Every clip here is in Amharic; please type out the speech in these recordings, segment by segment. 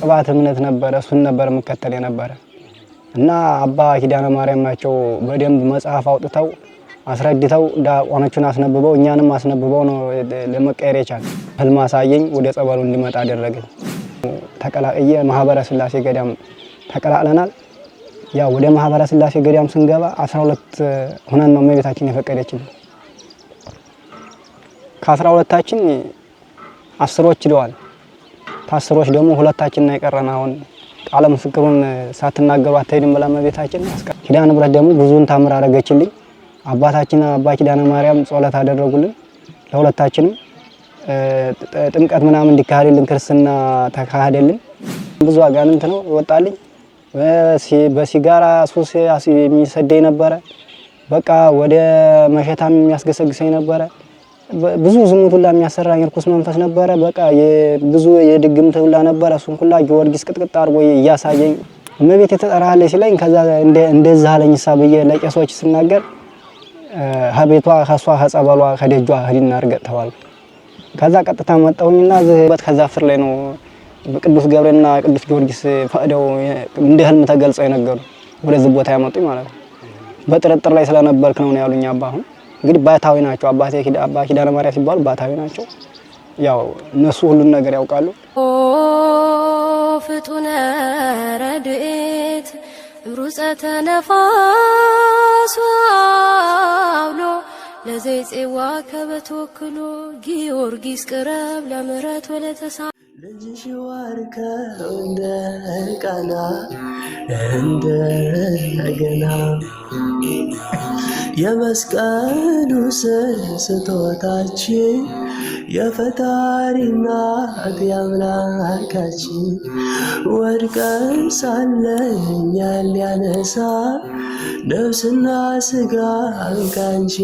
ቅባት እምነት ነበረ። እሱን ነበር የምከተል የነበረ እና አባ ኪዳነ ማርያም ናቸው በደንብ መጽሐፍ አውጥተው አስረድተው ዲያቆኖቹን አስነብበው እኛንም አስነብበው ነው ለመቀየር የቻለ። ህልም አሳየኝ፣ ወደ ጸበሉ እንዲመጣ አደረገኝ። ተቀላቅየ ማህበረ ስላሴ ገዳም ተቀላቅለናል። ያው ወደ ማህበረ ስላሴ ገዳም ስንገባ 12 ሁነን ነው እመቤታችን የፈቀደችን። ከ12ታችን አስሮች ችለዋል። ታስሮች ደግሞ ነው የቀረን አሁን ቃለ ምስክሩን ሳትናገሩ አትሄድም ብላ እመቤታችን ኪዳነ ምሕረት ደግሞ ብዙውን ታምር አደረገችልኝ። አባታችን አባ ኪዳነ ማርያም ጸሎት አደረጉልን ለሁለታችንም ጥምቀት ምናምን እንዲካሄድልን ክርስትና ተካሄደልን። ብዙ አጋንንት ነው ይወጣልኝ። በሲጋራ ሱስ የሚሰደኝ ነበረ። በቃ ወደ መሸታም የሚያስገሰግሰኝ ነበረ። ብዙ ዝሙት ሁላ የሚያሰራኝ እርኩስ መንፈስ ነበረ። በቃ ብዙ የድግምት ሁላ ነበረ። እሱን ሁላ ጊዮርጊስ ቅጥቅጥ አድርጎ እያሳየኝ እመቤት የተጠራሃለች ሲለኝ ከዛ እንደዛ አለኝ ሳ ብዬ ለቄሶች ስናገር ከቤቷ ከሷ ከጸበሏ ከደጇ ህዲና እርገጥ ተባልኩ። ከዛ ቀጥታ መጣሁኝና ዝህበት ከዛ ፍር ላይ ነው በቅዱስ ገብርኤልና ቅዱስ ጊዮርጊስ ፈቅደው እንደ ህልም ተገልጸው የነገሩ ወደዚህ ቦታ ያመጡኝ ማለት ነው። በጥርጥር ላይ ስለነበርክ ነው ያሉኝ አባ አሁን እንግዲህ ባታዊ ናቸው። አባ ኪዳነ ማርያም ሲባሉ ባታዊ ናቸው። ያው እነሱ ሁሉን ነገር ያውቃሉ። ፍጡነ ረድኤት ሩፀተ ነፋስ አውሎ ለዘይፄዋ ከበትወክሎ ጊዮርጊስ ቅረብ ለምረት ወለተሳ ልጅሽ ዋርከው እንደ ቃና እንደ ገና የመስቀሉ ስጦታችን የፈጣሪ እናት የአምላካችን ወድቀን ሳለ እኛን ሊያነሳ ነፍስና ስጋ ከአንቺ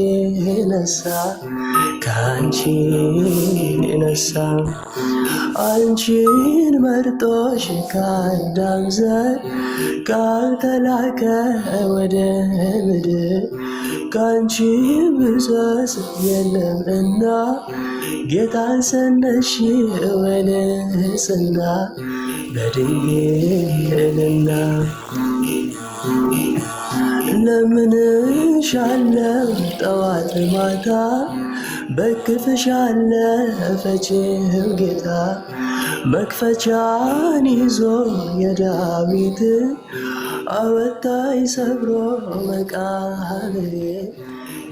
ነሳ ከአንቺ ነሳ አንቺን መርጦሽ ከአዳም ዘር ወደ ምድር ከአንቺ ብሰስ የለም እና ጌታን ሰነሽ ወደ በድንግልና ለምንሽ ጠዋት ማታ በክፍሽ ያለፈችው ጌታ መክፈቻን ይዞ የዳዊት አወታይ ሰብሮ መቃብሬ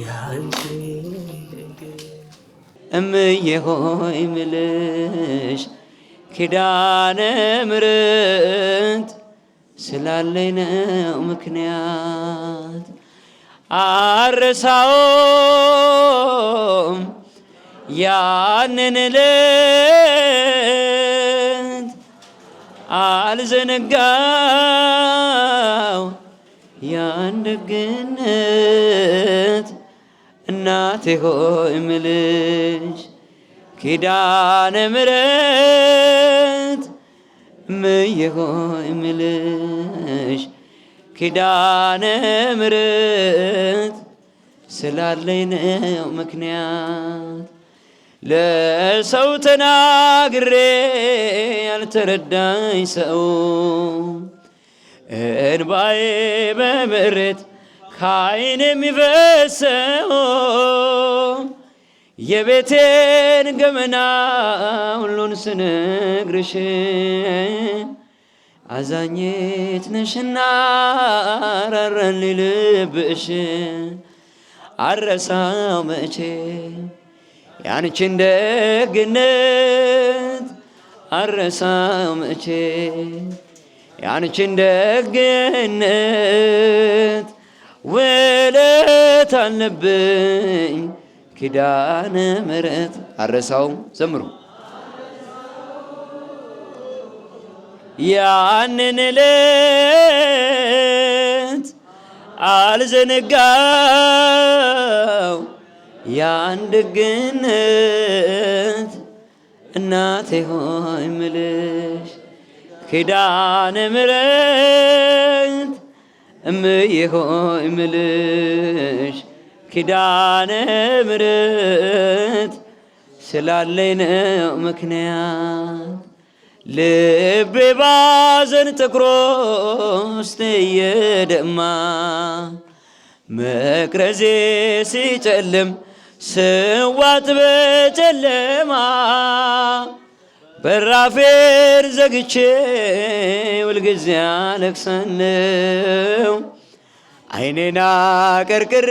ያንቺ እምዬ ሆይ ምልሽ ኪዳነ ምሕረት ስላለኝ ነው ምክንያት አረሳውም ያንን ለት አልዘነጋው ያን ደግነት እናቴ ሆይ ምልሽ ኪዳነ ምሕረት እምዬ ሆይ ምልሽ ኪዳነ ምሕረት ስላለኝ ነው ምክንያት ለሰው ተናግሬ ያልተረዳኝ ሰው እንባዬ በምሕረት ከዓይን የሚፈሰው የቤቴን ገመና ሁሉን ስነግርሽ አዛኝት ነሽና ራራን ልብሽ አረሳው መቼ ያንቺን ደግነት አረሳው መቼ ያንቺን ደግነት ውለት አለብኝ ኪዳነ ምሕረት አረሳው ዘምሩ ያንን ዕለት አልዘነጋው ያን ደግነት እናቴ ሆይ ምልሽ ኪዳነ ምሕረት እምዬ ሆይ ምልሽ ኪዳነ ምሕረት ስላለኝ ነው ምክንያት ልቤ ባዘን ተኩሮ ውስጤ እየደማ መቅረዜ ሲጨልም ስዋት በጨለማ በራፌር ዘግቼ ሁልጊዜ አለቅሳለሁ። አይኔና ቀርቅሬ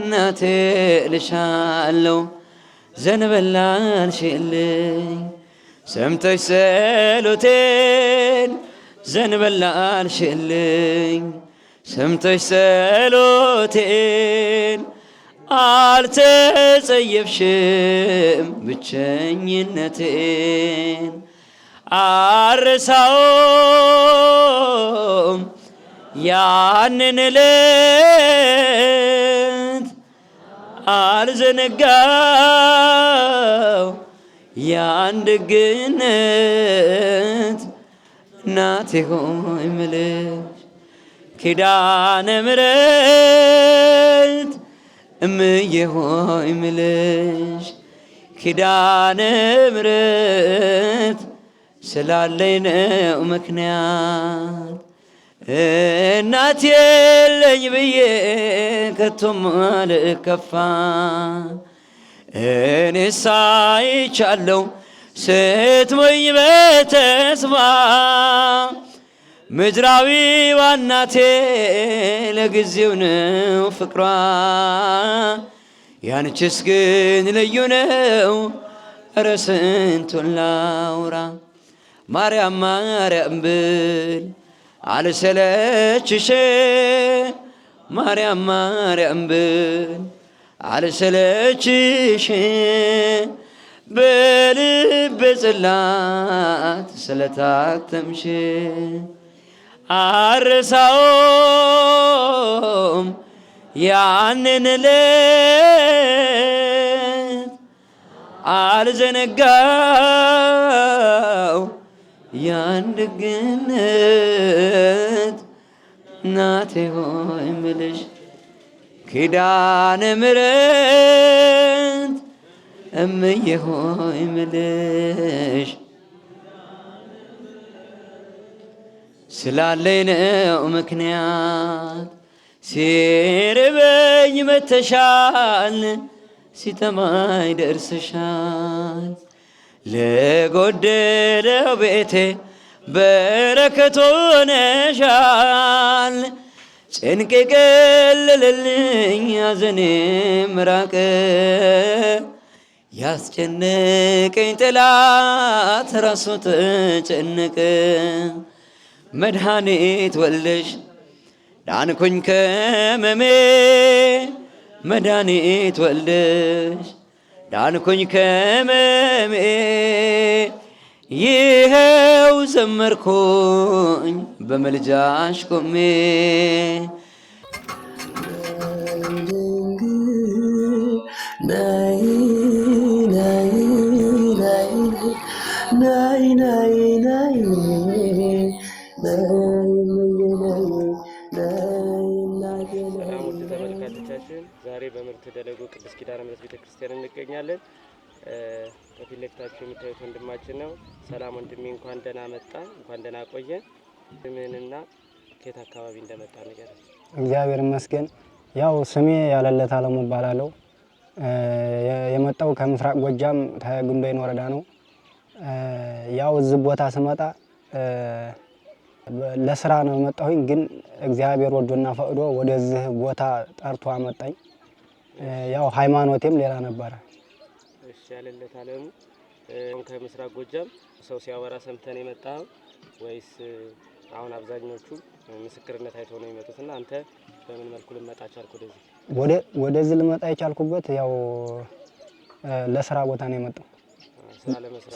እናቴ ልሻለሁ ዘንበላ አልሽልኝ ሰምተሽ ጸሎቴን ዘንበል አልሽልኝ ሰምተሽ ጸሎቴን አልተጸየፍሽም ብቸኝነቴን አርሳውም ያንን ዕለት አልዘነጋው የአንድ ግነት እናቴ ሆይ ምልሽ ኪዳነ ምሕረት እምዬ ሆይ ምልሽ ኪዳነ ምሕረት ስላለኝ ነው ምክንያት እናት የለኝ ብዬ ከቶም አልከፋ እኔስ አይቻለሁ ስትሞኝ በተስፋ ምድራዊ ዋናቴ ለጊዜው ነው ፍቅሯ ያንችስ ግን ልዩ ነው። እረ ስንቱን ላውራ ማርያም ማርያም ብል አልሰለችሽ ማርያም ማርያም ብል አልሰለችሽ በልብ ጽላት ስለታተምሽ አረሳውም ያንን ለት አልዘነጋው ያን ደግነት እናቴ ሆይ ምልሽ ኪዳነ ምሕረት እምዬ ሆይ እምልሽ ስላለኝ ነው ምክንያት ሲርበኝ መተሻል ሲተማኝ ደርሰሻል ለጎደለው ቤቴ በረከቶ ሆነሻል። ጭንቅ ቀለለልኝ ያዘኔ ምራቅ ያስጨነቀኝ ጠላት ራሱ ተጨነቀ። መድኃኒት ወለሽ ዳንኩኝ ከመሜ መድኃኒት ወለሽ ዳንኩኝ ከመሜ ይኸው ዘመርኩኝ በመልጃሽ ቆሜ ውድ ተመልካቾቻችን ዛሬ በምርት ደለጎ ቅድስት ኪዳነ ምሕረት ቤተክርስቲያን እንገኛለን። ከፊት ለፊታችሁ የምታዩት ወንድማችን ነው። ሰላም ወንድሜ፣ እንኳን ደህና መጣ፣ እንኳን ደህና ቆየ። ስምህንና ከየት አካባቢ እንደመጣ ነገር። እግዚአብሔር ይመስገን። ያው ስሜ ያለለት አለሙ እባላለሁ። የመጣው ከምስራቅ ጎጃም ከጉንበይን ወረዳ ነው። ያው እዚህ ቦታ ስመጣ ለስራ ነው የመጣሁኝ፣ ግን እግዚአብሔር ወዶና ፈቅዶ ወደዚህ ቦታ ጠርቶ አመጣኝ። ያው ሃይማኖቴም ሌላ ነበረ ያለለት አለሙ አሁን ከምስራቅ ጎጃም ሰው ሲያወራ ሰምተን የመጣ ወይስ አሁን አብዛኞቹ ምስክርነት አይተው ነው እና አንተ በምን መልኩ ልመጣ ቻልኩ? ወደዚህ ወደዚህ ልመጣ የቻልኩበት ያው ለስራ ቦታ ነው የመጣው።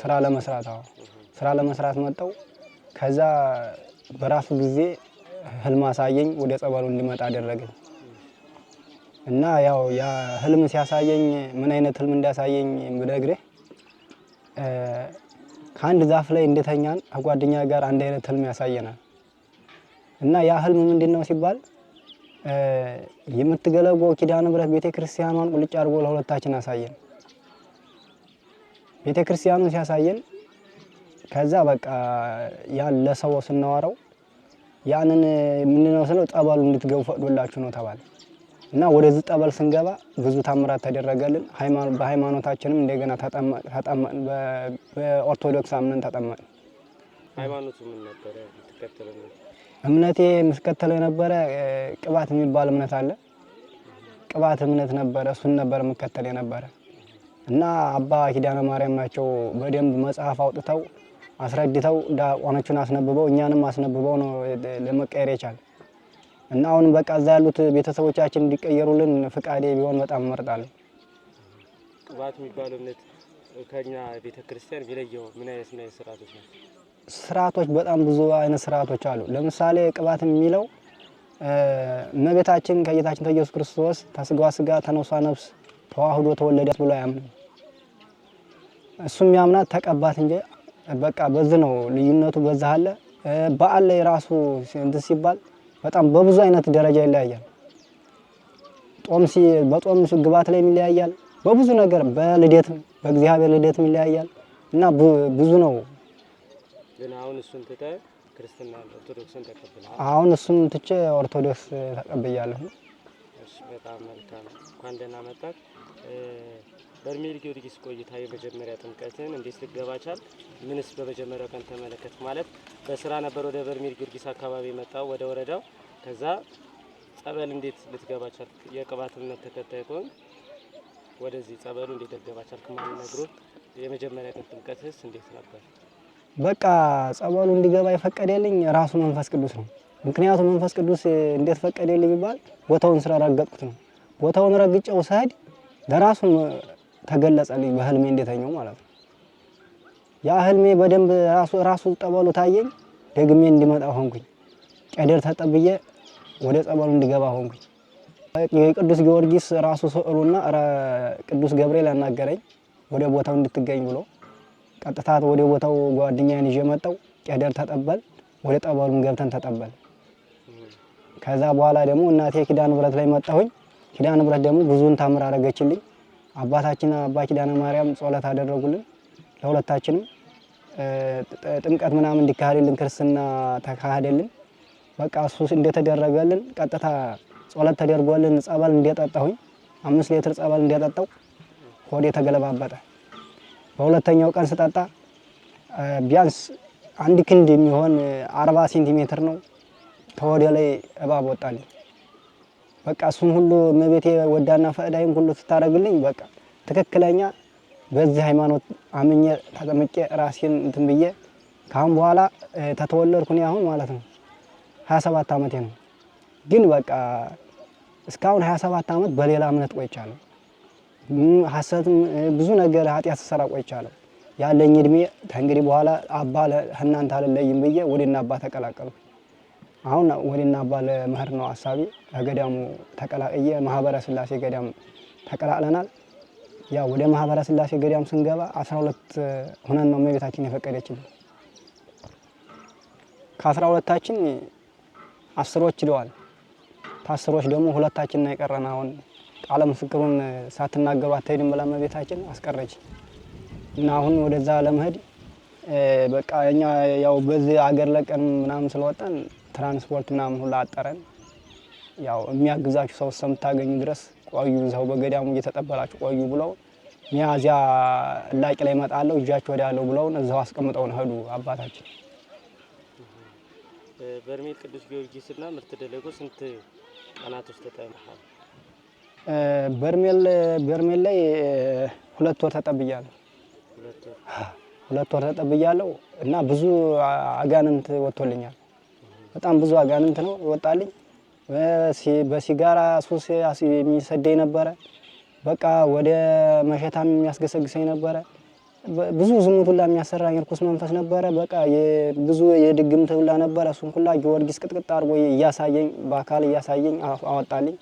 ስራ ለመስራት አዎ፣ ስራ ለመስራት መጣው። ከዛ በራሱ ጊዜ ህልም አሳየኝ፣ ወደ ጸበሉ እንዲመጣ አደረገኝ። እና ያው ያ ህልም ሲያሳየኝ ምን አይነት ህልም እንዳሳየኝ ብነግርህ ከአንድ ዛፍ ላይ እንደተኛን ከጓደኛ ጋር አንድ አይነት ህልም ያሳየናል። እና ያ ህልም ምንድን ነው ሲባል የምትገለጎው ኪዳነ ምሕረት ቤተ ክርስቲያኗን ቁልጭ አድርጎ ለሁለታችን አሳየን። ቤተ ክርስቲያኑን ሲያሳየን ከዛ በቃ ያን ለሰው ስናወራው ያንን ምንድነው ስለው ጠበሉ እንድትገቡ ፈቅዶላችሁ ነው ተባለ። እና ወደዚህ ጠበል ስንገባ ብዙ ታምራት ተደረገልን። በሃይማኖታችንም እንደገና በኦርቶዶክስ አምነን ተጠመቅን። ሃይማኖቱ ምን ነበረ? እምነቴ የምስከተለው የነበረ ቅባት የሚባል እምነት አለ። ቅባት እምነት ነበረ። እሱን ነበር የምከተል የነበረ እና አባ ኪዳነ ማርያም ናቸው በደንብ መጽሐፍ አውጥተው አስረድተው ዲያቆኖቹን አስነብበው እኛንም አስነብበው ነው ለመቀየር የቻለ እና አሁንም በቃ እዛ ያሉት ቤተሰቦቻችን እንዲቀየሩልን ፍቃዴ ቢሆን በጣም እመርጣለሁ። ቅባት የሚባለው እምነት ከኛ ቤተ ክርስቲያን ቢለየው ምን አይነት ምን አይነት ስርዓቶች ናቸው? ስርዓቶች በጣም ብዙ አይነት ስርዓቶች አሉ። ለምሳሌ ቅባት የሚለው እመቤታችን ከጌታችን ከኢየሱስ ክርስቶስ ተስጋ ስጋ ተነሷ ነፍስ ተዋህዶ ተወለዳት ብሎ አያምንም። እሱም ያምናት ተቀባት እንጂ በቃ በዚህ ነው ልዩነቱ በዛ አለ። በዓል ላይ ራሱ እንትን ሲባል በጣም በብዙ አይነት ደረጃ ይለያያል። ጦም ሲ በጦም ግባት ላይ ይለያያል። በብዙ ነገር በልደት በእግዚአብሔር ልደትም ይለያያል እና ብዙ ነው። ግን አሁን እሱን ትተህ ክርስትና ኦርቶዶክስን ተቀብለሃል? አሁን እሱን ትቼ ኦርቶዶክስ ተቀብያለሁ። በጣም መልካም። እንኳን ደህና መጣህ። በርሜል ጊዮርጊስ ቆይታ የመጀመሪያ ጥምቀትን እንዴት ልገባ ቻል? ምንስ በመጀመሪያው ቀን ተመለከት? ማለት በስራ ነበር ወደ በርሜል ጊዮርጊስ አካባቢ መጣው ወደ ወረዳው። ከዛ ጸበል እንዴት ልትገባ ቻል? የቅባት እምነት ተከታይ ከሆን ወደዚህ ጸበሉ እንዴት ልገባ ቻል? ከማን ነግሮ የመጀመሪያ ቀን ጥምቀትስ እንዴት ነበር? በቃ ጸበሉ እንዲገባ የፈቀደልኝ ራሱ መንፈስ ቅዱስ ነው። ምክንያቱም መንፈስ ቅዱስ እንዴት ፈቀደልኝ ቢባል ቦታውን ስራ ረገጥኩት ነው። ቦታውን ረግጨው ስሄድ ለራሱ ተገለጸልኝ በህልሜ እንደተኛው ማለት ነው። ያ ህልሜ በደንብ ራሱ ራሱ ጠበሉ ታየኝ። ደግሜ እንዲመጣ ሆንኩኝ። ቀደር ተጠብዬ ወደ ጸበሉ እንዲገባ ሆንኩኝ። የቅዱስ ጊዮርጊስ ራሱ ስዕሉና ቅዱስ ገብርኤል ያናገረኝ ወደ ቦታው እንድትገኝ ብሎ ቀጥታ ወደ ቦታው ጓደኛዬን ይዤ መጣሁ። ቀደር ተጠበል ወደ ጠበሉም ገብተን ተጠበል። ከዛ በኋላ ደግሞ እናቴ ኪዳን ብረት ላይ መጣሁኝ። ኪዳን ብረት ደግሞ ብዙን ታምር አረገችልኝ። አባታችን አባ ኪዳነ ማርያም ጸሎት አደረጉልን። ለሁለታችንም ጥምቀት ምናምን እንዲካሄድልን ክርስትና ተካሄደልን። በቃ እሱ እንደተደረገልን ቀጥታ ጸሎት ተደርጎልን ጸበል እንደጠጣሁኝ አምስት ሌትር ጸበል እንደጠጣው ሆዴ ተገለባበጠ። በሁለተኛው ቀን ስጠጣ ቢያንስ አንድ ክንድ የሚሆን አርባ ሴንቲሜትር ነው ከሆዴ ላይ እባብ ወጣልኝ። በቃ እሱን ሁሉ እመቤቴ ወዳና ፈዳይም ሁሉ ስታደርግልኝ በቃ ትክክለኛ በዚህ ሃይማኖት አምኜ ተጠምቄ ራሴን እንትን ብዬ ካሁን በኋላ ተተወለድኩ እኔ አሁን ማለት ነው 27 ዓመቴ ነው። ግን በቃ እስካሁን 27 ዓመት በሌላ እምነት ቆይቻለሁ። ሐሰትም ብዙ ነገር ኃጢአት ስሰራ ቆይቻለሁ። ያለኝ እድሜ ከእንግዲህ በኋላ አባ ከእናንተ አልለይም ብዬ ወደ እና አባ ተቀላቀልኩ። አሁን ወሊና ባለ መህር ነው አሳቢ። ከገዳሙ ተቀላቅየ ማህበረ ስላሴ ገዳም ተቀላቅለናል። ያው ወደ ማህበረ ስላሴ ገዳም ስንገባ 12 ሆነን ነው እመቤታችን የፈቀደችልን ከአስራ ሁለታችን አስሮች ሂደዋል። ታስሮች ደግሞ ሁለታችን ነው የቀረን። አሁን ቃለ ምስክሩን ሳትናገሩ አትሄድም ብላ እመቤታችን አስቀረች እና አሁን ወደዛ ለመሄድ በቃ እኛ ያው በዚህ አገር ለቀን ምናምን ስለወጣን ትራንስፖርት ምናምን ሁሉ አጠረን። ያው የሚያግዛችሁ ሰው እስከምታገኙ ድረስ ቆዩ፣ እዛው በገዳሙ እየተጠበላችሁ ቆዩ ብለው ሚያዚያ ላቂ ላይ እመጣለሁ እጃችሁ ወዳለው ብለውን እዛው አስቀምጠውን ሄዱ አባታችን። በርሜል ቅዱስ ጊዮርጊስና ምርት ደለጎ ስንት ቀናት ውስጥ ተጠምሃል? በርሜል በርሜል ላይ ሁለት ወር ተጠብያለሁ። ሁለት ወር ተጠብያለሁ እና ብዙ አጋንንት ወጥቶልኛል። በጣም ብዙ አጋንንት ነው ይወጣልኝ። በሲጋራ ሱስ የሚሰደኝ ነበረ። በቃ ወደ መሸታም የሚያስገሰግሰኝ ነበረ። ብዙ ዝሙት ሁላ የሚያሰራኝ እርኩስ መንፈስ ነበረ። በቃ ብዙ የድግምት ሁላ ነበረ። እሱን ሁላ ጊዮርጊስ ቅጥቅጥ አድርጎ እያሳየኝ በአካል እያሳየኝ አወጣልኝ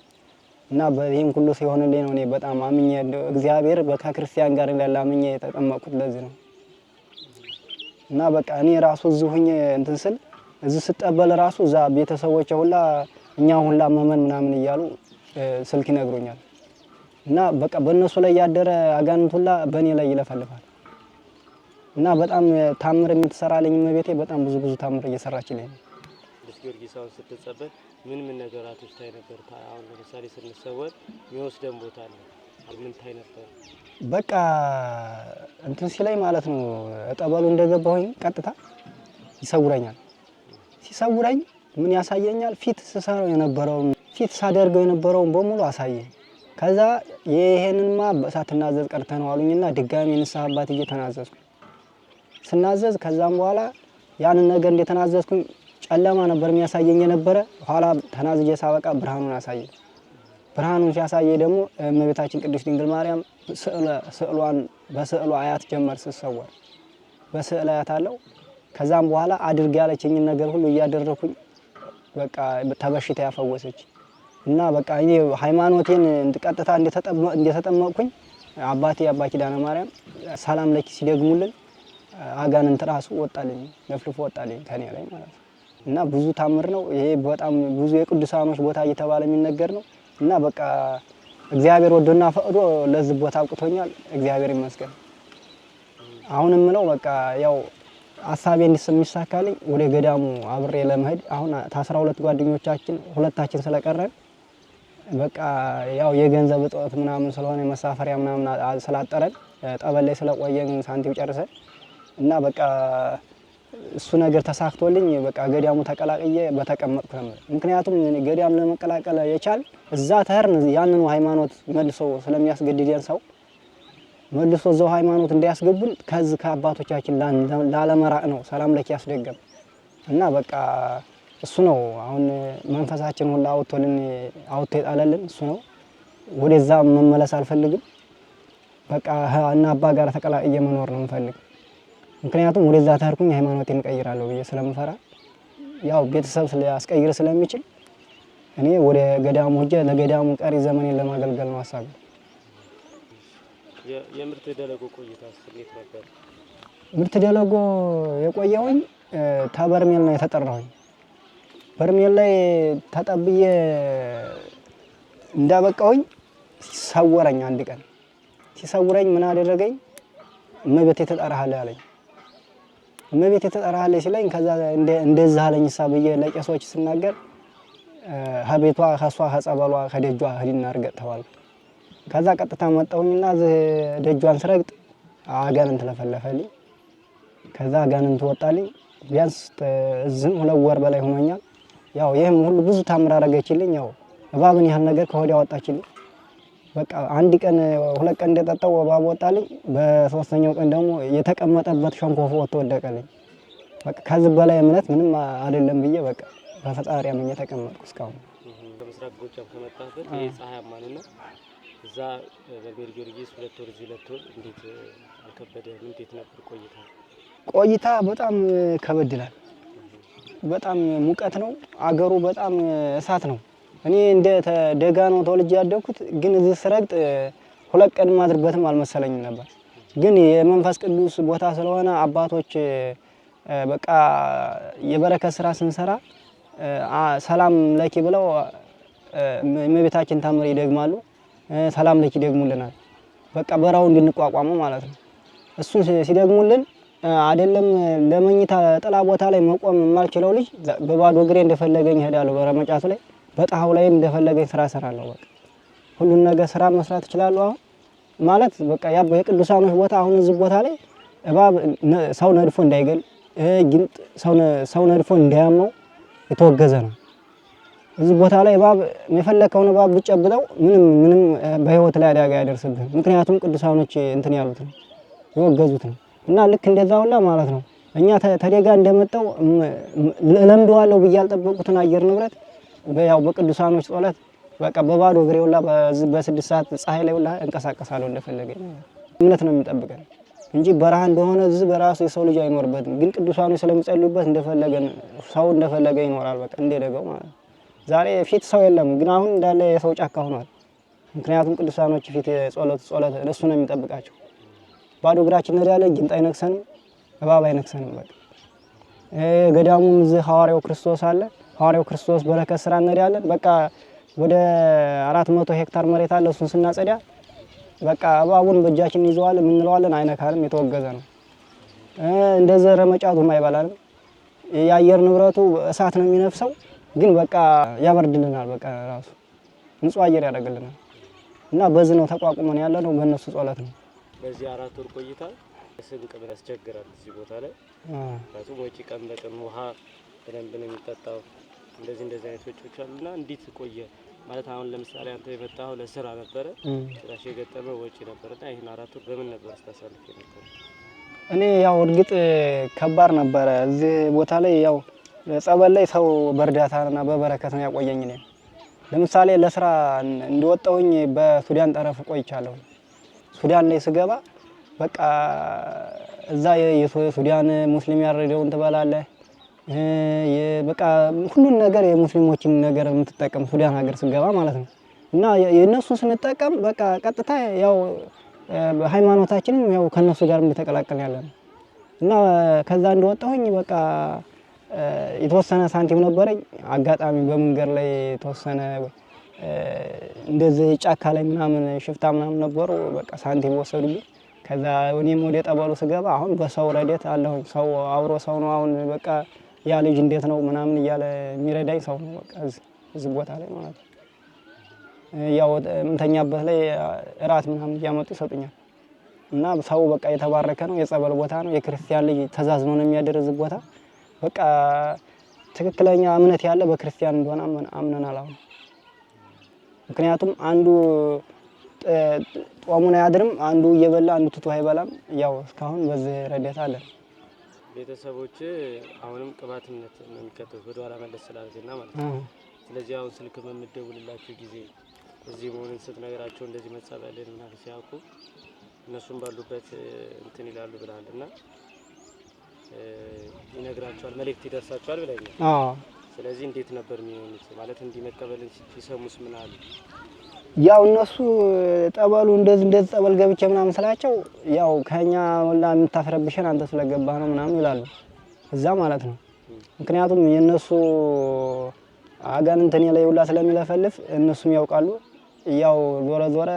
እና በዚህም ሁሉ ሲሆንልኝ ነው እኔ በጣም አምኜ እግዚአብሔር ከክርስቲያን ጋር እንዳለ አምኜ የተጠመቅኩት ለዚህ ነው እና በቃ እኔ ራሱ እዚሁኝ ሁኜ እንትን ስል እዚህ ስጠበል ራሱ እዛ ቤተሰቦች ሁላ እኛ ሁላ መመን ምናምን እያሉ ስልክ ይነግሩኛል። እና በቃ በእነሱ ላይ ያደረ አጋንንት ሁላ በእኔ ላይ ይለፈልፋል። እና በጣም ታምር የምትሰራልኝ እመቤቴ በጣም ብዙ ብዙ ታምር እየሰራችልኝ ነው። ቅዱስ ጊዮርጊስ ስትጸበል ምን ምን ነገራቶች ታይ ነበር? አሁን ለምሳሌ ስንሰወር የሚወስደን ቦታ አለ። ምን ታይ ነበር? በቃ እንትን ሲላይ ማለት ነው። ጠበሉ እንደገባሁኝ ቀጥታ ይሰውረኛል ሲሰውረኝ ምን ያሳየኛል? ፊት ስሰራው የነበረውን ፊት ሳደርገው የነበረውን በሙሉ አሳየኝ። ከዛ ይሄንንማ ሳትናዘዝ ቀርተህ ነው አሉኝና ድጋሚ ንስሐ አባት እየተናዘዝኩ ስናዘዝ ከዛም በኋላ ያንን ነገር እንደተናዘዝኩኝ ጨለማ ነበር የሚያሳየኝ የነበረ። ኋላ ተናዝጄ ሳበቃ ብርሃኑን አሳየ። ብርሃኑን ሲያሳየ ደግሞ እመቤታችን ቅድስት ድንግል ማርያም ስዕሏን በስዕሏ አያት ጀመር ስሰወር በስዕል አያት አለው ከዛም በኋላ አድርግ ያለችኝን ነገር ሁሉ እያደረኩኝ በቃ ተበሽታ ያፈወሰች እና በቃ እኔ ሃይማኖቴን ቀጥታ እንደተጠመቅኩኝ አባቴ አባ ኪዳነ ማርያም ሰላም ለኪ ሲደግሙልን አጋንንት ራሱ ወጣልኝ፣ ነፍልፎ ወጣልኝ ከኔ ላይ ማለት ነው። እና ብዙ ታምር ነው ይሄ። በጣም ብዙ የቅዱሳኖች ቦታ እየተባለ የሚነገር ነው። እና በቃ እግዚአብሔር ወዶና ፈቅዶ ለዚህ ቦታ አብቅቶኛል። እግዚአብሔር ይመስገን። አሁን የምለው በቃ ያው አሳቤ የሚሳካልኝ ወደ ገዳሙ አብሬ ለመሄድ አሁን ታስራ ሁለት ጓደኞቻችን ሁለታችን ስለቀረን በቃ ያው የገንዘብ እጦት ምናምን ስለሆነ መሳፈሪያ ምናምን ስላጠረን ጠበል ላይ ስለቆየን ሳንቲም ጨርሰን እና በቃ እሱ ነገር ተሳክቶልኝ በቃ ገዳሙ ተቀላቅዬ በተቀመጥኩ ነበር። ምክንያቱም ገዳም ለመቀላቀል የቻል እዛ ተህርን ያንኑ ሃይማኖት መልሶ ስለሚያስገድደን ሰው መልሶ እዛው ሃይማኖት እንዲያስገቡን ከዚ ከአባቶቻችን ላለመራቅ ነው። ሰላም ለኪ ያስደገም እና በቃ እሱ ነው አሁን መንፈሳችን ሁላ አውቶልን አውቶ የጣለልን እሱ ነው። ወደዛ መመለስ አልፈልግም። በቃ እና አባ ጋር ተቀላቅዬ መኖር ነው የምፈልግ። ምክንያቱም ወደዛ ተርኩኝ ሃይማኖቴን እንቀይራለሁ ብዬ ስለምፈራ ያው ቤተሰብ ስለያስቀይር ስለሚችል እኔ ወደ ገዳሙ ሄጄ ለገዳሙ ቀሪ ዘመኔን ለማገልገል ነው ሀሳቤ። የምርት ደለጎ ቆይታ ስሜት ነበር? ምርት ደለጎ የቆየውኝ ተበርሜል ነው የተጠራሁኝ። በርሜል ላይ ተጠብዬ እንዳበቃውኝ ሰወረኝ። አንድ ቀን ሲሰውረኝ ምን አደረገኝ? እመቤቴ ትጠራሃለች አለኝ። እመቤቴ ትጠራሃለች ሲለኝ ከዛ እንደዛ አለኝ ሳ ብዬ ለቄሶች ስናገር ከቤቷ ከሷ ከጸበሏ ከደጇ ህድና እርገጥ ተባልኩ። ከዛ ቀጥታ መጣውኝና ደጇን ስረግጥ አጋንንት ለፈለፈልኝ። ከዛ አጋንንት ወጣልኝ። ቢያንስ እዝም ሁለት ወር በላይ ሆኖኛል። ያው ይህም ሁሉ ብዙ ታምር አረገችልኝ። ያው እባብን ያህል ነገር ከሆድ ያወጣችልኝ። በቃ አንድ ቀን ሁለት ቀን እንደጠጣው እባብ ወጣልኝ። በሶስተኛው ቀን ደግሞ የተቀመጠበት ሸንኮፎ ወጥቶ ወደቀልኝ። በቃ ከዚህ በላይ እምነት ምንም አይደለም ብዬ በቃ በፈጣሪ አምኜ ተቀመጥኩ እስካሁን። እዛ በርሜል ጊዮርጊስ ሁለት ወር እዚህ ሁለት ወር እንዴት አልከበደህም? እንዴት ነበር ቆይታ? ቆይታ በጣም ከበድላል። በጣም ሙቀት ነው አገሩ፣ በጣም እሳት ነው። እኔ እንደ ደጋ ነው ተወልጄ ያደግኩት፣ ግን እዚህ ስረግጥ ሁለት ቀን ማድርበትም አልመሰለኝም ነበር። ግን የመንፈስ ቅዱስ ቦታ ስለሆነ አባቶች በቃ የበረከት ስራ ስንሰራ ሰላም ለኪ ብለው እመቤታችን ታምር ይደግማሉ። ሰላም ለኪ ይደግሙልናል። በቃ በራው እንድንቋቋመው ማለት ነው። እሱን ሲደግሙልን አይደለም ለመኝታ ጥላ ቦታ ላይ መቆም የማልችለው ልጅ በባዶ እግሬ እንደፈለገኝ እሄዳለሁ። በረመጫቱ ላይ በጣሁ ላይም እንደፈለገኝ ስራ እሰራለሁ። በቃ ሁሉን ነገር ስራ መስራት እችላለሁ። አሁን ማለት በቃ ያ የቅዱሳኖች ቦታ አሁን እዚህ ቦታ ላይ እባብ ሰው ነድፎ እንዳይገል፣ ግንጥ ሰው ነድፎ እንዳያመው የተወገዘ ነው። እዚህ ቦታ ላይ እባብ የፈለከውን እባብ ብጨብጠው ምንም ምንም በህይወት ላይ አደጋ ያደርስብህ። ምክንያቱም ቅዱሳኖች እንትን ያሉት ነው የወገዙት ነው እና ልክ እንደዛ ሁላ ማለት ነው እኛ ተደጋ እንደመጣው ለምደዋለሁ ብዬ ያልጠበቁትን አየር ንብረት ያው በቅዱሳኖች ጸሎት በቃ በባዶ እግሬ ሁላ በስድስት ሰዓት ፀሐይ ላይ ሁላ እንቀሳቀሳለሁ እንደፈለገ። እምነት ነው የሚጠብቀን እንጂ በረሃ እንደሆነ እዚህ በራሱ የሰው ልጅ አይኖርበትም። ግን ቅዱሳኖች ስለሚጸልዩበት እንደፈለገን ሰው እንደፈለገ ይኖራል። በቃ እንደደገው ማለት ነው። ዛሬ ፊት ሰው የለም፣ ግን አሁን እንዳለ የሰው ጫካ ሆኗል። ምክንያቱም ቅዱሳኖች ፊት ጸሎት ጸሎት እሱ ነው የሚጠብቃቸው። ባዶ እግራችን እንሄዳለን፣ ጊንጥ አይነክሰንም፣ እባብ አይነክሰንም። በቃ ገዳሙም እዚህ ሐዋርያው ክርስቶስ አለ። ሐዋርያው ክርስቶስ በረከት ስራ እንሄዳለን። በቃ ወደ አራት መቶ ሄክታር መሬት አለ። እሱን ስናጸዳ በቃ እባቡን በእጃችን ይዘዋል የምንለዋለን፣ አይነካልም የተወገዘ ነው። እንደዘረ መጫቱም አይበላንም። የአየር ንብረቱ እሳት ነው የሚነፍሰው ግን በቃ ያበርድልናል። በቃ ራሱ ንጹህ አየር ያደርግልናል እና በዚህ ነው ተቋቁመን ያለ ነው። በእነሱ ጸሎት ነው። በዚህ አራት ወር ቆይታ ስንቅ ምን ያስቸግራል እዚህ ቦታ ላይ ምክንያቱም ወጪ ቀን በቀን ውሃ በደንብ የሚጠጣው። እንደዚህ እንደዚህ አይነት ወጪዎች አሉና እንዴት ቆየ ማለት አሁን ለምሳሌ አንተ የመጣኸው ለስራ ነበረ፣ ስራሽ የገጠመ ወጪ ነበርና ይህን አራት ወር በምን ነበር ስታሳልፍ ነበር? እኔ ያው እርግጥ ከባድ ነበረ እዚህ ቦታ ላይ ያው ጸበል ላይ ሰው በእርዳታና በበረከት ነው ያቆየኝ። እኔም ለምሳሌ ለስራ እንደወጣሁኝ በሱዳን ጠረፍ ቆይቻለሁ። ሱዳን ላይ ስገባ በቃ እዛ የሱዳን ሙስሊም ያረደውን ትበላለህ። በቃ ሁሉን ነገር የሙስሊሞችን ነገር የምትጠቀም ሱዳን ሀገር ስገባ ማለት ነው። እና የእነሱን ስንጠቀም በቃ ቀጥታ ያው ሃይማኖታችንም ያው ከእነሱ ጋር እንደተቀላቀል ያለ ነው እና ከዛ እንደወጣሁኝ በቃ የተወሰነ ሳንቲም ነበረኝ። አጋጣሚ በመንገድ ላይ የተወሰነ እንደዚህ ጫካ ላይ ምናምን ሽፍታ ምናምን ነበሩ። በቃ ሳንቲም ወሰዱኝ ከዛ እኔም ወደ ጠበሉ ስገባ አሁን በሰው ረዴት አለሁኝ። ሰው አብሮ ሰው ነው። አሁን በቃ ያ ልጅ እንዴት ነው ምናምን እያለ የሚረዳኝ ሰው ነው። በቃ እዚህ ቦታ ላይ ማለት ነው። ያው ላይ እራት ምናምን እያመጡ ይሰጡኛል። እና ሰው በቃ የተባረከ ነው። የጸበል ቦታ ነው። የክርስቲያን ልጅ ተዛዝኖ ነው እዚህ ቦታ በቃ ትክክለኛ እምነት ያለ በክርስቲያን እንደሆነ አምነናል። አሁን ምክንያቱም አንዱ ጦሙን አያድርም፣ አንዱ እየበላ አንዱ ትቶ አይበላም። ያው እስካሁን በዚህ ረዳት አለ። ቤተሰቦች አሁንም ቅባትነት ነው የሚከተሉት ወደኋላ ኋላ መለስ ስላሉትና ማለት ነው። ስለዚህ አሁን ስልክ በምደውልላቸው ጊዜ እዚህ መሆኑን ስትነግራቸው እንደዚህ መጻፍ ያለን ምናምን ሲያውቁ እነሱም ባሉበት እንትን ይላሉ ብለሃል እና ይነግራቸዋል፣ መልእክት ይደርሳቸዋል ብለኛል። ስለዚህ እንዴት ነበር የሚሆኑት? ማለት እንዲህ መቀበልን ሲሰሙስ ምን አሉ? ያው እነሱ ጠበሉ እንደዚህ እንደዚህ ጠበል ገብቼ ምናምን ስላቸው ያው ከኛ ወላ የምታፈረብሸን አንተ ስለገባ ነው ምናምን ይላሉ፣ እዛ ማለት ነው። ምክንያቱም የእነሱ አጋንንት እኔ ላይ ውላ ስለሚለፈልፍ እነሱም ያውቃሉ። ያው ዞረ ዞረ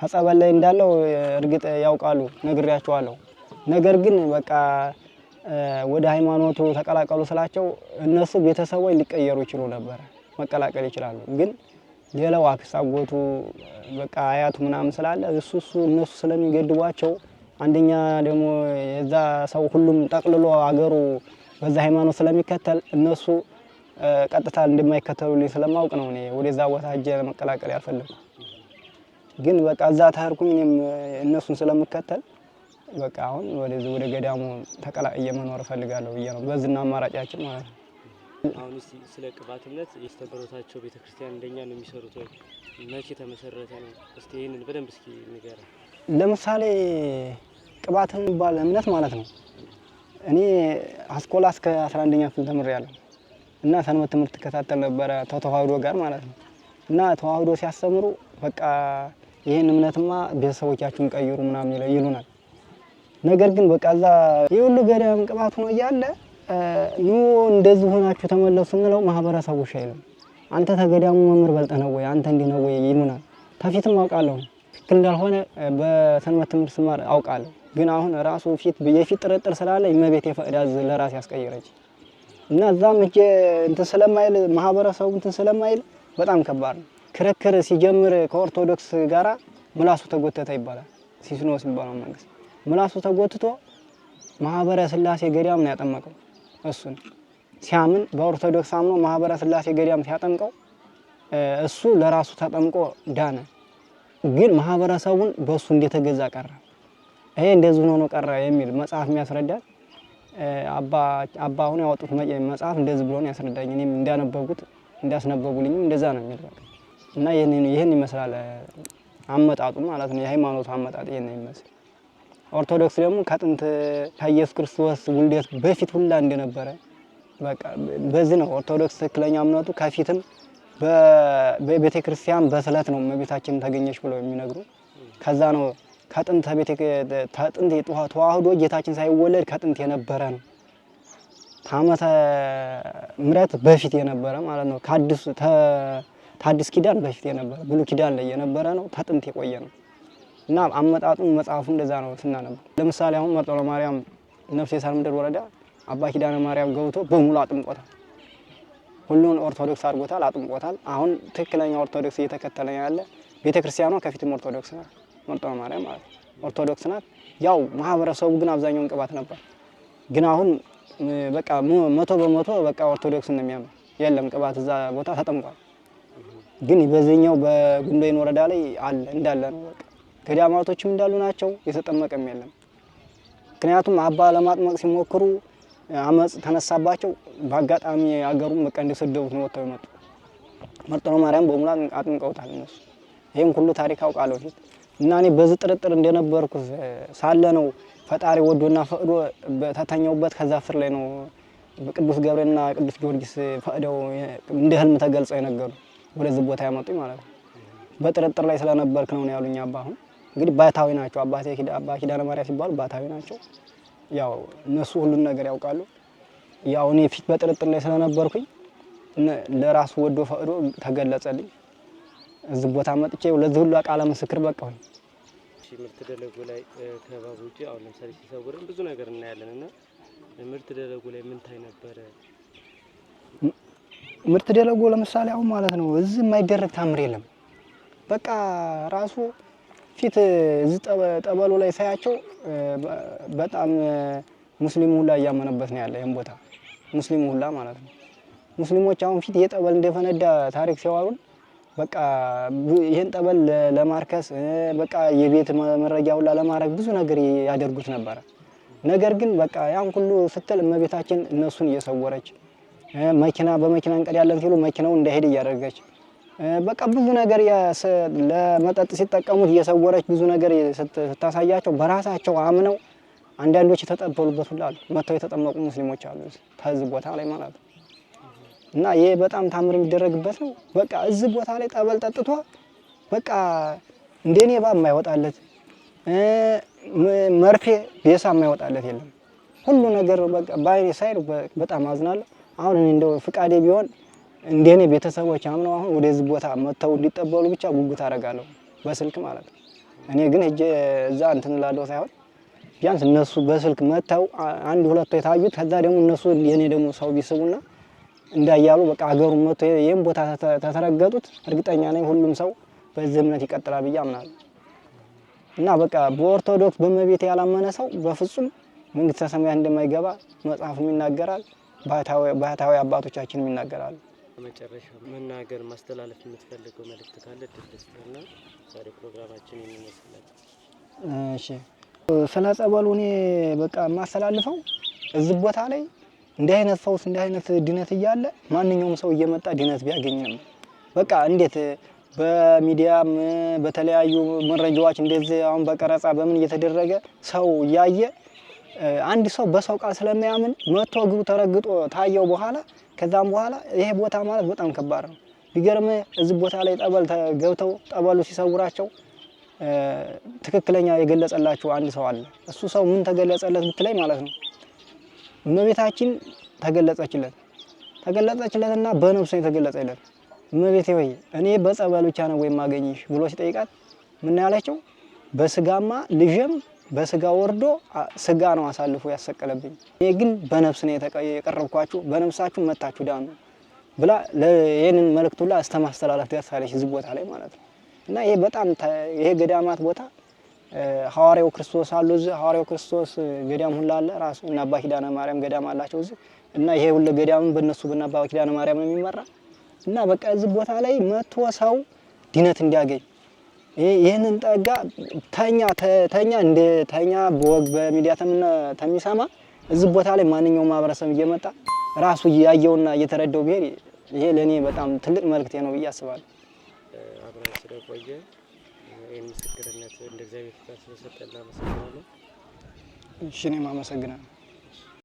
ከጸበል ላይ እንዳለው እርግጥ ያውቃሉ፣ ነግሬያቸዋለሁ። ነገር ግን በቃ ወደ ሃይማኖቱ ተቀላቀሉ ስላቸው እነሱ ቤተሰቦች ሊቀየሩ ይችሉ ነበር፣ መቀላቀል ይችላሉ። ግን ሌላው አክሳጎቱ በቃ አያቱ ምናምን ስላለ እሱ እሱ እነሱ ስለሚገድቧቸው አንደኛ ደግሞ የዛ ሰው ሁሉም ጠቅልሎ አገሩ በዛ ሃይማኖት ስለሚከተል እነሱ ቀጥታ እንደማይከተሉልኝ ስለማውቅ ነው እኔ ወደዛ ቦታ እጀ መቀላቀል ያልፈለግኩ። ግን በቃ እዛ ታርኩኝ እኔም እነሱን ስለምከተል በቃ አሁን ወደዚህ ወደ ገዳሙ ተቀላቅዬ መኖር እፈልጋለሁ ብዬ ነው። በዝና አማራጫችን ማለት ነው። አሁን እስቲ ስለ ቅባት እምነት ቤተ ቤተክርስቲያን እንደኛ ነው የሚሰሩት ወይ? መቼ የተመሰረተ ነው? እስቲ ይህንን በደንብ እስኪ ንገረ። ለምሳሌ ቅባት የሚባል እምነት ማለት ነው። እኔ አስኮላ እስከ 11ኛ ክፍል ተምሬያለሁ እና ሰንበት ትምህርት እከታተል ነበረ ተዋህዶ ጋር ማለት ነው እና ተዋህዶ ሲያስተምሩ በቃ ይህን እምነትማ ቤተሰቦቻችሁን ቀይሩ ምናምን ይሉናል ነገር ግን በቃ እዛ የሁሉ ገዳም ቅባት ሆኖ እያለ ኑ እንደዚህ ሆናችሁ ተመለሱ ስንለው ማህበረሰቡ እሺ አይልም። አንተ ተገዳሙ መምህር በልጠህ ነው ወይ አንተ እንዲህ ነው ወይ ይሉናል። ተፊትም አውቃለሁ ትክክል እንዳልሆነ በሰንበት ትምህርት ስማር አውቃለሁ። ግን አሁን ራሱ ፊት የፊት ጥርጥር ስላለ መቤት የፈቅዳዝ ለራሴ ያስቀይረች እና እዛም እጄ እንትን ስለማይል ማህበረሰቡ እንትን ስለማይል በጣም ከባድ ነው። ክርክር ሲጀምር ከኦርቶዶክስ ጋራ ምላሱ ተጎተተ ይባላል። ሲስኖስ የሚባለው መንግስት ምላሱ ተጎትቶ ማህበረ ስላሴ ገዳም ነው ያጠመቀው። እሱን ሲያምን በኦርቶዶክስ አምኖ ማህበረ ስላሴ ገዳም ሲያጠምቀው እሱ ለራሱ ተጠምቆ ዳነ። ግን ማህበረሰቡን በእሱ እንደተገዛ ቀረ። ይሄ እንደዚህ ሆኖ ቀረ የሚል መጽሐፍ የሚያስረዳል። አባ ያወጡት መጽሐፍ እንደዚህ ብሎ ያስረዳኝ። እኔም እንዳነበብኩት እንዳስነበቡልኝም እንደዛ ነው የሚል እና ይህን ይመስላል አመጣጡ ማለት ነው። የሃይማኖቱ አመጣጥ ይህን ይመስል ኦርቶዶክስ ደግሞ ከጥንት ከኢየሱስ ክርስቶስ ውልደት በፊት ሁላ እንደነበረ በቃ በዚህ ነው ኦርቶዶክስ ትክክለኛ እምነቱ። ከፊትም በቤተ ክርስቲያን በስለት ነው እመቤታችን ተገኘች ብለው የሚነግሩ ከዛ ነው ከጥንት ተዋህዶ ጌታችን ሳይወለድ ከጥንት የነበረ ነው ታመተ ምረት በፊት የነበረ ማለት ነው። ከአዲስ ኪዳን በፊት የነበረ ብሉ ኪዳን ላይ የነበረ ነው። ተጥንት የቆየ ነው። እና አመጣጡ መጽሐፉ እንደዛ ነው ስናነባ። ለምሳሌ አሁን መርጦሎ ማርያም ነፍሴ ሳር ምድር ወረዳ አባ ኪዳነ ማርያም ገብቶ በሙሉ አጥምቆታል። ሁሉን ኦርቶዶክስ አድርጎታል፣ አጥምቆታል። አሁን ትክክለኛ ኦርቶዶክስ እየተከተለ ያለ ቤተ ክርስቲያኗ ከፊትም ኦርቶዶክስ ናት፣ መርጦሎ ማርያም ማለት ኦርቶዶክስ ናት። ያው ማህበረሰቡ ግን አብዛኛውን ቅባት ነበር። ግን አሁን በቃ መቶ በመቶ በቃ ኦርቶዶክስ እንደሚያምን የለም። ቅባት እዛ ቦታ ተጠምቋል። ግን በዚህኛው በጉንዶይን ወረዳ ላይ አለ እንዳለ ነው በቃ ገዳማቶችም እንዳሉ ናቸው። የተጠመቀም የለም። ምክንያቱም አባ ለማጥመቅ ሲሞክሩ አመፅ ተነሳባቸው። በአጋጣሚ አገሩን በቃ እንደሰደቡት ነው ወጥተው የመጡ መርጦ ማርያም በሙላት አጥምቀውታል እነሱ። ይህም ሁሉ ታሪክ አውቃለሁ ፊት እና እኔ በዚህ ጥርጥር እንደነበርኩ ሳለ ነው ፈጣሪ ወዶና ፈቅዶ በተተኘውበት ከዛ ስር ላይ ነው ቅዱስ ገብርኤልና ቅዱስ ጊዮርጊስ ፈቅደው እንደ ህልም ተገልጸው የነገሩ ወደዚህ ቦታ ያመጡኝ ማለት ነው። በጥርጥር ላይ ስለነበርክ ነው ያሉኝ አባ አሁን እንግዲህ ባታዊ ናቸው። አባቴ አባ ኪዳነ ማርያም ሲባሉ ባታዊ ናቸው። ያው እነሱ ሁሉን ነገር ያውቃሉ። ያው እኔ ፊት በጥርጥር ላይ ስለነበርኩኝ ለራሱ ወዶ ፈቅዶ ተገለጸልኝ። እዚህ ቦታ መጥቼ ለዚህ ሁሉ ቃለ ምስክር በቃሁኝ። ምርት ደለጎ ላይ ከእባብ አሁን ለምሳሌ ሲሰውርን ብዙ ነገር እናያለን እና ምርት ደለጎ ላይ ምን ታይ ነበረ? ምርት ደለጎ ለምሳሌ አሁን ማለት ነው እዚህ የማይደረግ ታምር የለም። በቃ ራሱ ፊት እዚህ ጠበሉ ላይ ሳያቸው በጣም ሙስሊሙ ሁላ እያመነበት ነው ያለ። ይህም ቦታ ሙስሊሙ ሁላ ማለት ነው። ሙስሊሞች አሁን ፊት ይህ ጠበል እንደፈነዳ ታሪክ ሲዋሉን በቃ ይህን ጠበል ለማርከስ በቃ የቤት መረጃ ሁላ ለማድረግ ብዙ ነገር ያደርጉት ነበረ። ነገር ግን በቃ ያን ሁሉ ስትል እመቤታችን እነሱን እየሰወረች መኪና በመኪና እንቀዳለን ሲሉ መኪናውን እንዳይሄድ እያደረገች በቃ ብዙ ነገር ለመጠጥ ሲጠቀሙት እየሰወረች ብዙ ነገር ስታሳያቸው በራሳቸው አምነው አንዳንዶች የተጠበሉበት ሁሉ አሉ። መጥተው የተጠመቁ ሙስሊሞች አሉ ከዚህ ቦታ ላይ ማለት ነው። እና ይሄ በጣም ታምር የሚደረግበት ነው። በቃ እዚህ ቦታ ላይ ጠበል ጠጥቶ በቃ እንደኔ ባ የማይወጣለት መርፌ ቤሳ የማይወጣለት የለም። ሁሉ ነገር በቃ ባይሬ ሳይድ በጣም አዝናለሁ። አሁን እንደው ፍቃዴ ቢሆን እንደኔ ቤተሰቦች አምነው አሁን ወደዚህ ቦታ መጥተው እንዲጠበሉ ብቻ ጉጉት አደርጋለሁ፣ በስልክ ማለት ነው። እኔ ግን እጄ እዛ እንትን ላለው ሳይሆን ቢያንስ እነሱ በስልክ መጥተው አንድ ሁለት የታዩት ከዛ ደግሞ እነሱ የኔ ደግሞ ሰው ቢስቡና እንዳያሉ በቃ ሀገሩ መጥቶ ይህም ቦታ ተተረገጡት እርግጠኛ ነኝ ሁሉም ሰው በዚህ እምነት ይቀጥላል ብዬ አምናለሁ። እና በቃ በኦርቶዶክስ በመቤት ያላመነ ሰው በፍጹም መንግስተ ሰማያት እንደማይገባ መጽሐፉም ይናገራል፣ ባህታዊ አባቶቻችንም ይናገራሉ። በመጨረሻ መናገር ማስተላለፍ የምትፈልገው መልእክት ካለ ድልስና ዛሬ ፕሮግራማችን የሚመስላል። እሺ ስለ ጸበሉ እኔ በቃ የማስተላልፈው እዚህ ቦታ ላይ እንዲህ አይነት ፈውስ እንዲህ አይነት ድነት እያለ ማንኛውም ሰው እየመጣ ድነት ቢያገኝም በቃ እንዴት በሚዲያም በተለያዩ መረጃዎች እንደዚህ አሁን በቀረጻ በምን እየተደረገ ሰው እያየ አንድ ሰው በሰው ቃል ስለሚያምን መቶ እግሩ ተረግጦ ታየው በኋላ ከዛም በኋላ ይሄ ቦታ ማለት በጣም ከባድ ነው። ቢገርም እዚህ ቦታ ላይ ጠበል ገብተው ጠበሉ ሲሰውራቸው ትክክለኛ የገለጸላቸው አንድ ሰው አለ። እሱ ሰው ምን ተገለጸለት ብትለይ ማለት ነው እመቤታችን ተገለጸችለት። ተገለጸችለትና በነብሱ የተገለጸለት እመቤቴ ወይ እኔ በጸበል ብቻ ነው የማገኝሽ ብሎ ሲጠይቃት ምን ያለችው በስጋማ ልጅም በስጋ ወርዶ ስጋ ነው አሳልፎ ያሰቀለብኝ። እኔ ግን በነፍስ ነው የቀረብኳችሁ፣ በነፍሳችሁ መታችሁ ዳኑ ብላ ይህንን መልእክት ላ እስተ ማስተላለፍ ደርሳለች እዚህ ቦታ ላይ ማለት ነው። እና ይሄ በጣም ይሄ ገዳማት ቦታ ሐዋርያው ክርስቶስ አሉ እዚህ ሐዋርያው ክርስቶስ ገዳም ሁላ አለ ራሱ እና አባ ኪዳነ ማርያም ገዳም አላቸው እዚህ እና ይሄ ሁሉ ገዳም በእነሱ ብና አባ ኪዳነ ማርያም ነው የሚመራ እና በቃ እዚህ ቦታ ላይ መቶ ሰው ድነት እንዲያገኝ ይህንን ጠጋ ተኛ ተኛ እንደ ተኛ በወግ በሚዲያ ተምነ ተሚሰማ እዚህ ቦታ ላይ ማንኛውም ማህበረሰብ እየመጣ ራሱ እያየውና እየተረዳው ብሄድ ይሄ ለእኔ በጣም ትልቅ መልክቴ ነው ብዬ አስባለሁ። አብረን ስለቆየ ይህን ምስክርነት እንደ እግዚአብሔር ፍቃድ ስለሰጠን አመሰግናለሁ። እሺ እኔም አመሰግናለሁ።